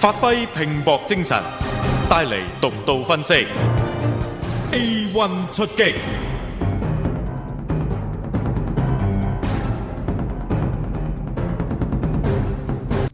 發揮拼搏精神，帶嚟獨到分析。A one 出擊，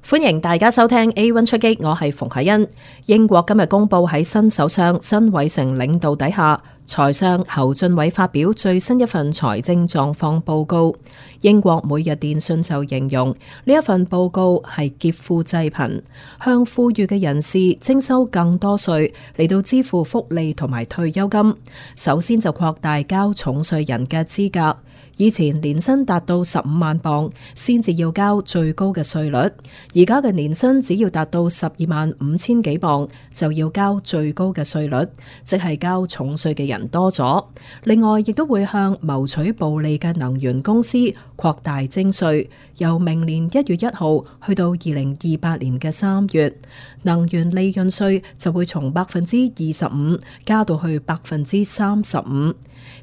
歡迎大家收聽 A one 出擊，我係馮啟恩。英國今日公布喺新首相新偉成領導底下。財相侯俊偉發表最新一份財政狀況報告，英國每日電訊就形容呢一份報告係劫富濟貧，向富裕嘅人士徵收更多稅嚟到支付福利同埋退休金。首先就擴大交重稅人嘅資格，以前年薪達到十五萬磅先至要交最高嘅稅率，而家嘅年薪只要達到十二萬五千幾磅，就要交最高嘅稅率，即係交重稅嘅人多咗。另外，亦都會向謀取暴利嘅能源公司擴大徵稅，由明年一月一號去到二零二八年嘅三月，能源利潤稅就會從百分之二十五加到去百分之三十五。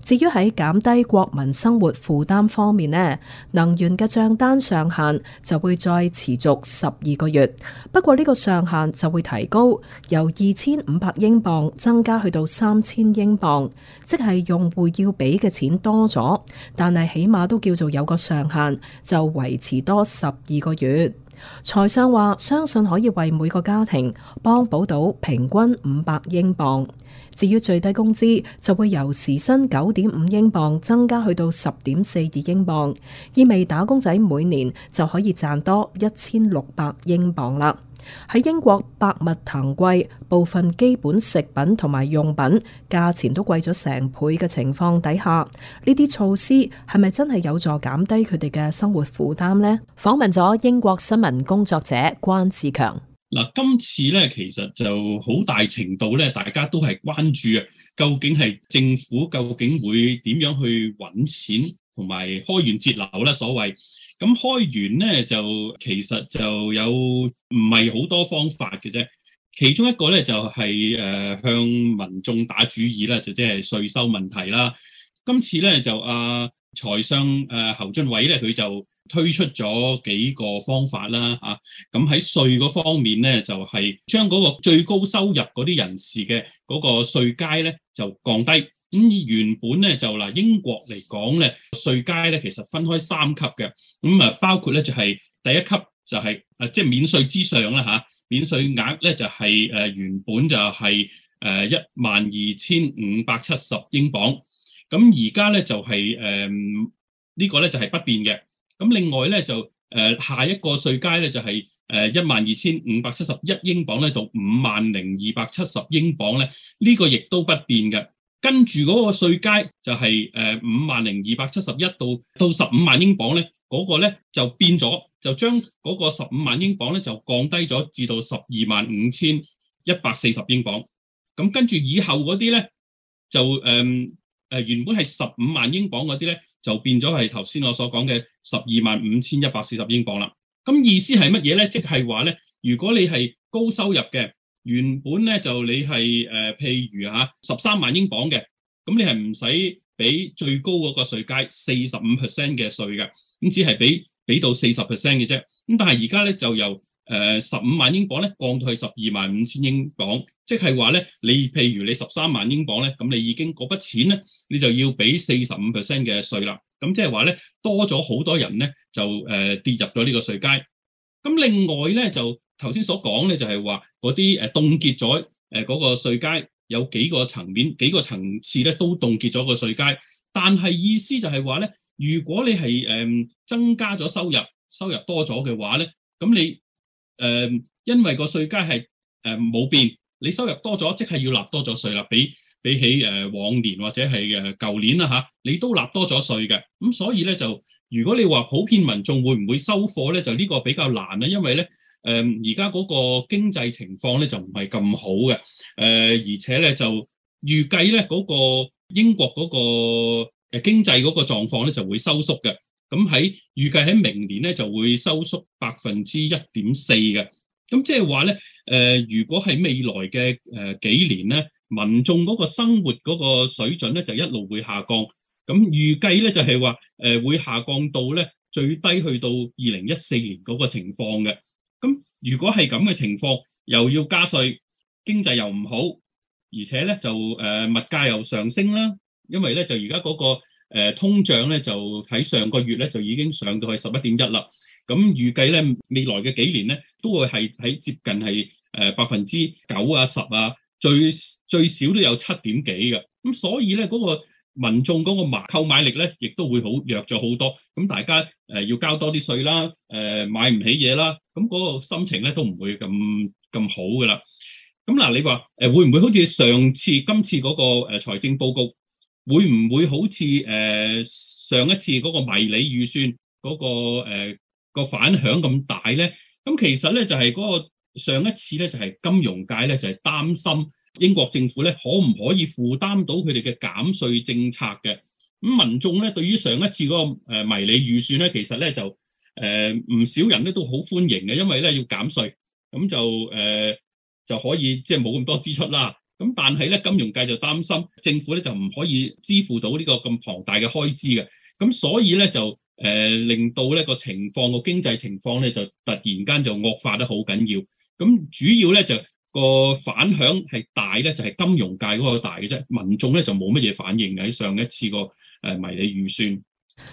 至於喺減低國民生活負擔方面呢，能源嘅賬單上限就會再持續十二個月。不過呢個上限就會提高，由由二千五百英鎊增加去到三千英鎊，即係用戶要俾嘅錢多咗，但係起碼都叫做有個上限，就維持多十二個月。財相話相信可以為每個家庭幫補到平均五百英鎊，至於最低工資就會由時薪九點五英鎊增加去到十點四二英鎊，意味打工仔每年就可以賺多一千六百英鎊啦。喺英國百物騰貴，部分基本食品同埋用品價錢都貴咗成倍嘅情況底下，呢啲措施係咪真係有助減低佢哋嘅生活負擔呢？訪問咗英國新聞工作者關志強。嗱，今次咧其實就好大程度咧，大家都係關注啊，究竟係政府究竟會點樣去揾錢？同埋開源節流啦。所謂咁開源咧，就其實就有唔係好多方法嘅啫。其中一個咧就係、是、誒、呃、向民眾打主意啦，就即係稅收問題啦。今次咧就阿、啊、財相誒、啊、侯俊偉咧，佢就，推出咗幾個方法啦，嚇咁喺稅嗰方面咧，就係將嗰個最高收入嗰啲人士嘅嗰個稅階咧就降低。咁以原本咧就嗱英國嚟講咧，稅階咧其實分開三級嘅，咁啊包括咧就係、是、第一級就係啊即係免稅之上啦吓、啊，免稅額咧就係、是、誒、呃、原本就係誒一萬二千五百七十英鎊，咁而家咧就係、是、誒、呃這個、呢個咧就係、是、不變嘅。咁另外咧就誒下一個稅階咧就係誒一萬二千五百七十一英鎊咧到五萬零二百七十英鎊咧，呢個亦都不變嘅。跟住嗰個稅階就係誒五萬零二百七十一到到十五萬英鎊咧，嗰個咧就變咗，就將嗰個十五萬英鎊咧就降低咗至到十二萬五千一百四十英鎊。咁跟住以後嗰啲咧就誒誒原本係十五萬英鎊嗰啲咧。就變咗係頭先我所講嘅十二萬五千一百四十英鎊啦。咁意思係乜嘢咧？即係話咧，如果你係高收入嘅，原本咧就你係、呃、譬如嚇十三萬英鎊嘅，咁你係唔使俾最高嗰個稅階四十五 percent 嘅稅嘅，咁只係俾俾到四十 percent 嘅啫。咁但係而家咧就由誒、呃，十五萬英鎊咧，降到去十二萬五千英鎊，即係話咧，你譬如你十三萬英鎊咧，咁你已經嗰筆錢咧，你就要俾四十五 percent 嘅稅啦。咁即係話咧，多咗好多人咧，就誒、呃、跌入咗呢個稅階。咁另外咧，就頭先所講咧，就係話嗰啲誒凍結咗誒、嗰個稅階，有幾個層面、幾個層次咧都凍結咗個稅階。但係意思就係話咧，如果你係誒、呃、增加咗收入，收入多咗嘅話咧，咁你。誒，因為個稅階係誒冇變，你收入多咗即係要立多咗稅啦。比比起誒往年或者係誒舊年啊吓，你都立多咗稅嘅。咁所以咧就，如果你話普遍民眾會唔會收貨咧，就呢個比較難啦。因為咧，誒而家嗰個經濟情況咧就唔係咁好嘅。誒而且咧就預計咧嗰個英國嗰個誒經濟嗰個狀況咧就會收縮嘅。咁喺預計喺明年咧就會收縮百分之一點四嘅，咁即係話咧，誒、呃、如果係未來嘅誒、呃、幾年咧，民眾嗰個生活嗰個水準咧就一路會下降，咁預計咧就係話誒會下降到咧最低去到二零一四年嗰個情況嘅。咁如果係咁嘅情況，又要加稅，經濟又唔好，而且咧就誒、呃、物價又上升啦，因為咧就而家嗰個。誒通脹咧就喺上個月咧就已經上到去十一點一啦，咁預計咧未來嘅幾年咧都會係喺接近係誒百分之九啊十啊，最最少都有七點幾嘅，咁所以咧嗰、那個民眾嗰個買購買力咧亦都會好弱咗好多，咁大家誒要交多啲稅啦，誒、呃、買唔起嘢啦，咁嗰個心情咧都唔會咁咁好㗎啦，咁嗱你話誒會唔會好似上次今次嗰個誒財政報告？會唔會好似誒、呃、上一次嗰個迷你預算嗰、那個誒、呃、反響咁大咧？咁其實咧就係、是、嗰、那個上一次咧就係、是、金融界咧就係、是、擔心英國政府咧可唔可以負擔到佢哋嘅減稅政策嘅。咁民眾咧對於上一次嗰個迷你預算咧其實咧就誒唔、呃、少人咧都好歡迎嘅，因為咧要減稅，咁就誒、呃、就可以即係冇咁多支出啦。咁但係咧，金融界就擔心政府咧就唔可以支付到呢個咁龐大嘅開支嘅，咁所以咧就誒、呃、令到呢個情況個經濟情況咧就突然間就惡化得好緊要。咁主要咧就個反響係大咧，就係、是、金融界嗰個大嘅啫，民眾咧就冇乜嘢反應喺上一次個誒迷你預算。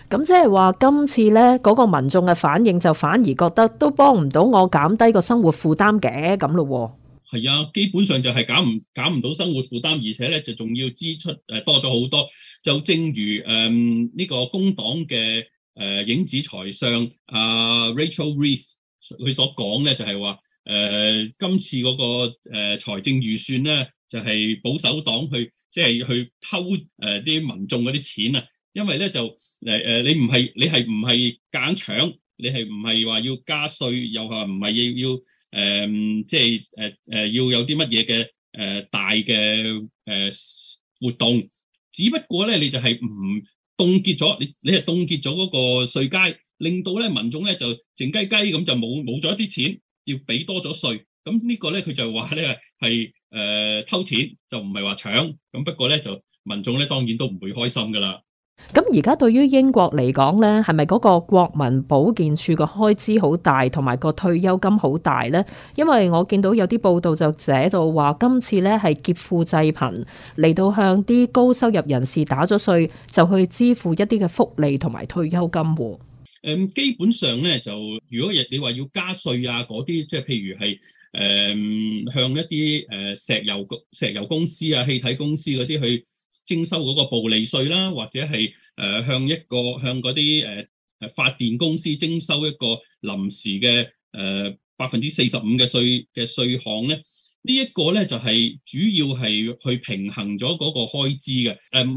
咁即係話今次咧嗰、那個民眾嘅反應就反而覺得都幫唔到我減低個生活負擔嘅咁咯。係啊，基本上就係減唔減唔到生活負擔，而且咧就仲要支出誒、呃、多咗好多。就正如誒呢、嗯這個工黨嘅誒、呃、影子財相阿、啊、Rachel Reeves 佢所講咧，就係話誒今次嗰、那個誒、呃、財政預算咧，就係、是、保守黨去即係、就是、去偷誒啲、呃、民眾嗰啲錢啊！因為咧就誒誒、呃、你唔係你係唔係揀搶，你係唔係話要加稅又話，唔係要要。誒、嗯，即係誒誒，要有啲乜嘢嘅誒大嘅誒、呃、活動，只不過咧，你就係唔凍結咗，你你係凍結咗嗰個稅階，令到咧民眾咧就靜雞雞咁就冇冇咗一啲錢，要俾多咗稅，咁呢個咧佢就話咧係誒偷錢，就唔係話搶，咁不過咧就民眾咧當然都唔會開心噶啦。咁而家對於英國嚟講咧，係咪嗰個國民保健署個開支好大，同埋個退休金好大咧？因為我見到有啲報道就寫到話，今次咧係劫富濟貧嚟到向啲高收入人士打咗稅，就去支付一啲嘅福利同埋退休金喎。基本上咧就，如果你話要加稅啊，嗰啲即係譬如係誒、嗯、向一啲誒石油石油公司啊、氣體公司嗰啲去，徵收嗰個暴利稅啦，或者係誒、呃、向一個向嗰啲誒誒發電公司徵收一個臨時嘅誒百分之四十五嘅稅嘅稅項咧，呃、呢一、這個咧就係、是、主要係去平衡咗嗰個開支嘅。誒、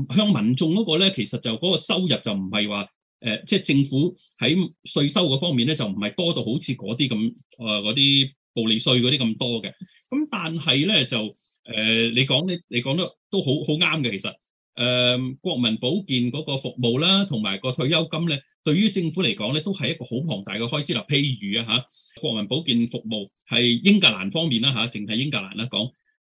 呃，向民眾嗰個咧，其實就嗰個收入就唔係話誒，即、呃、係、就是、政府喺稅收嗰方面咧，就唔係多到好似嗰啲咁誒嗰啲暴利稅嗰啲咁多嘅。咁但係咧就。誒、呃，你講咧，你講得都好好啱嘅。其實，誒、呃，國民保健嗰個服務啦，同埋個退休金咧，對於政府嚟講咧，都係一個好龐大嘅開支。立譬如啊，吓，國民保健服務係英格蘭方面啦，吓，淨係英格蘭啦講。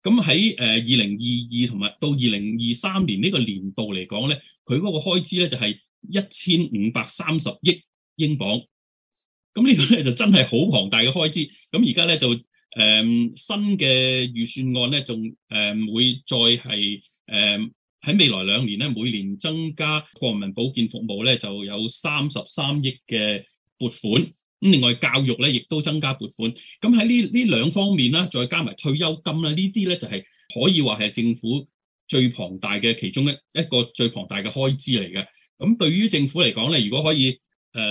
咁喺誒二零二二同埋到二零二三年呢個年度嚟講咧，佢嗰個開支咧就係一千五百三十億英鎊。咁呢個咧就真係好龐大嘅開支。咁而家咧就。誒、嗯、新嘅預算案咧，仲誒會再係誒喺未來兩年咧，每年增加國民保健服務咧，就有三十三億嘅撥款。咁另外教育咧，亦都增加撥款。咁喺呢呢兩方面咧，再加埋退休金咧，這些呢啲咧就係、是、可以話係政府最龐大嘅其中一一個最龐大嘅開支嚟嘅。咁對於政府嚟講咧，如果可以誒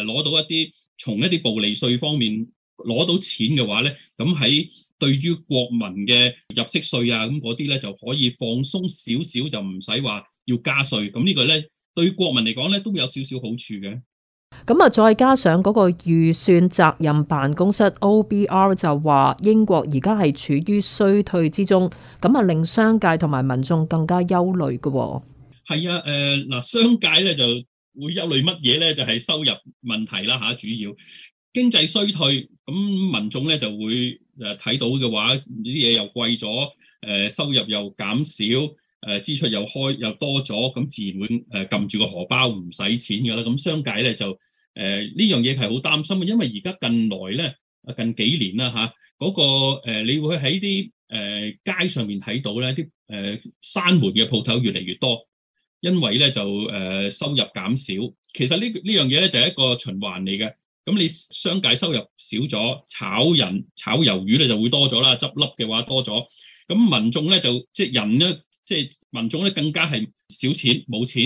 攞、呃、到一啲從一啲暴利稅方面。攞到錢嘅話咧，咁喺對於國民嘅入息稅啊，咁嗰啲咧就可以放鬆少少，就唔使話要加稅。咁呢個咧對國民嚟講咧都會有少少好處嘅。咁啊，再加上嗰個預算責任辦公室 OBR 就話英國而家係處於衰退之中，咁啊令商界同埋民眾更加憂慮嘅。係啊，誒、呃、嗱，商界咧就會憂慮乜嘢咧？就係、是、收入問題啦吓，主要經濟衰退。咁民眾咧就會誒睇到嘅話，呢啲嘢又貴咗，誒收入又減少，誒支出又開又多咗，咁自然會誒撳住個荷包唔使錢㗎啦。咁商界咧就誒呢樣嘢係好擔心嘅，因為而家近來咧近幾年啦嚇，嗰個、啊、呃、你會喺啲誒街上面睇到咧，啲誒閂門嘅鋪頭越嚟越多，因為咧就誒、呃、收入減少。其實呢呢樣嘢咧就係一個循環嚟嘅。咁你商界收入少咗，炒人炒魷魚咧就會多咗啦，執笠嘅話多咗。咁民眾咧就即係、就是、人咧，即、就、係、是、民眾咧更加係少錢冇錢，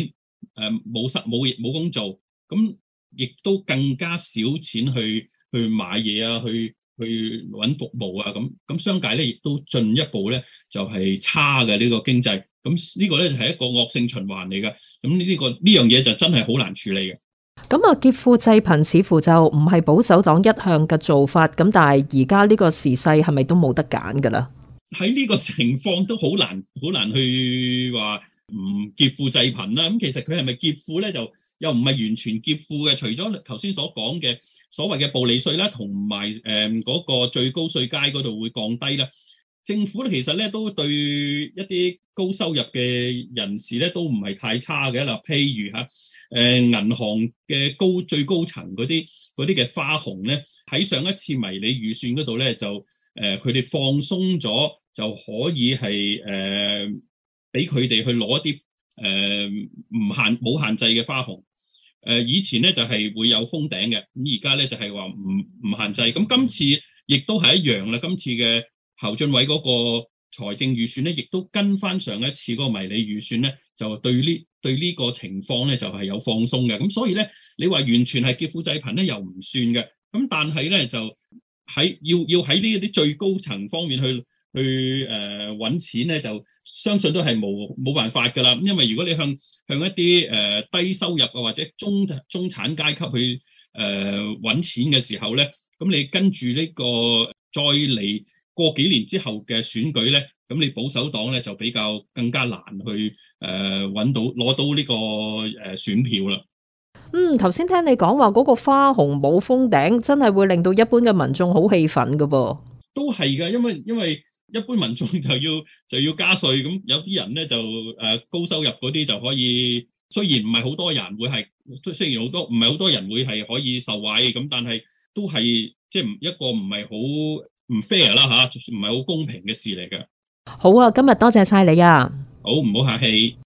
誒冇失冇冇工做，咁亦都更加少錢去去買嘢啊，去去揾服務啊咁。咁商界咧亦都進一步咧就係、是、差嘅呢、這個經濟。咁呢個咧就係一個惡性循環嚟㗎。咁呢、這個呢樣嘢就真係好難處理嘅。咁啊，劫富濟貧似乎就唔係保守黨一向嘅做法，咁但係而家呢個時勢係咪都冇得揀噶啦？喺呢個情況都好難，好難去話唔劫富濟貧啦。咁其實佢係咪劫富咧，就又唔係完全劫富嘅，除咗頭先所講嘅所謂嘅暴利稅啦，同埋誒嗰個最高稅階嗰度會降低啦。政府咧其實咧都對一啲高收入嘅人士咧，都唔係太差嘅嗱，譬如嚇誒、啊、銀行嘅高最高層嗰啲嗰啲嘅花紅咧喺上一次迷你預算嗰度咧，就誒佢哋放鬆咗就可以係誒俾佢哋去攞一啲誒唔限冇限制嘅花紅誒、呃、以前咧就係、是、會有封頂嘅，咁而家咧就係話唔唔限制。咁今次亦都係一樣啦，今次嘅。侯俊偉嗰個財政預算咧，亦都跟翻上，上一次嗰個迷你預算咧，就對呢對呢個情況咧，就係、是、有放鬆嘅。咁所以咧，你話完全係劫富濟貧咧，又唔算嘅。咁但係咧，就喺要要喺呢一啲最高層方面去去誒揾、呃、錢咧，就相信都係冇冇辦法㗎啦。咁因為如果你向向一啲誒、呃、低收入啊或者中中產階級去誒揾、呃、錢嘅時候咧，咁你跟住呢個再嚟。過幾年之後嘅選舉咧，咁你保守黨咧就比較更加難去誒揾到攞到呢個誒選票啦。嗯，頭先聽你講話嗰個花紅冇封頂，真係會令到一般嘅民眾好氣憤噶噃。都係噶，因為因為一般民眾就要就要加稅，咁有啲人咧就誒、呃、高收入嗰啲就可以，雖然唔係好多人會係，雖然好多唔係好多人會係可以受惠，咁但係都係即係唔一個唔係好。唔 fair 啦吓，唔係好公平嘅事嚟嘅。好啊，今日多謝晒你啊。好，唔好客氣。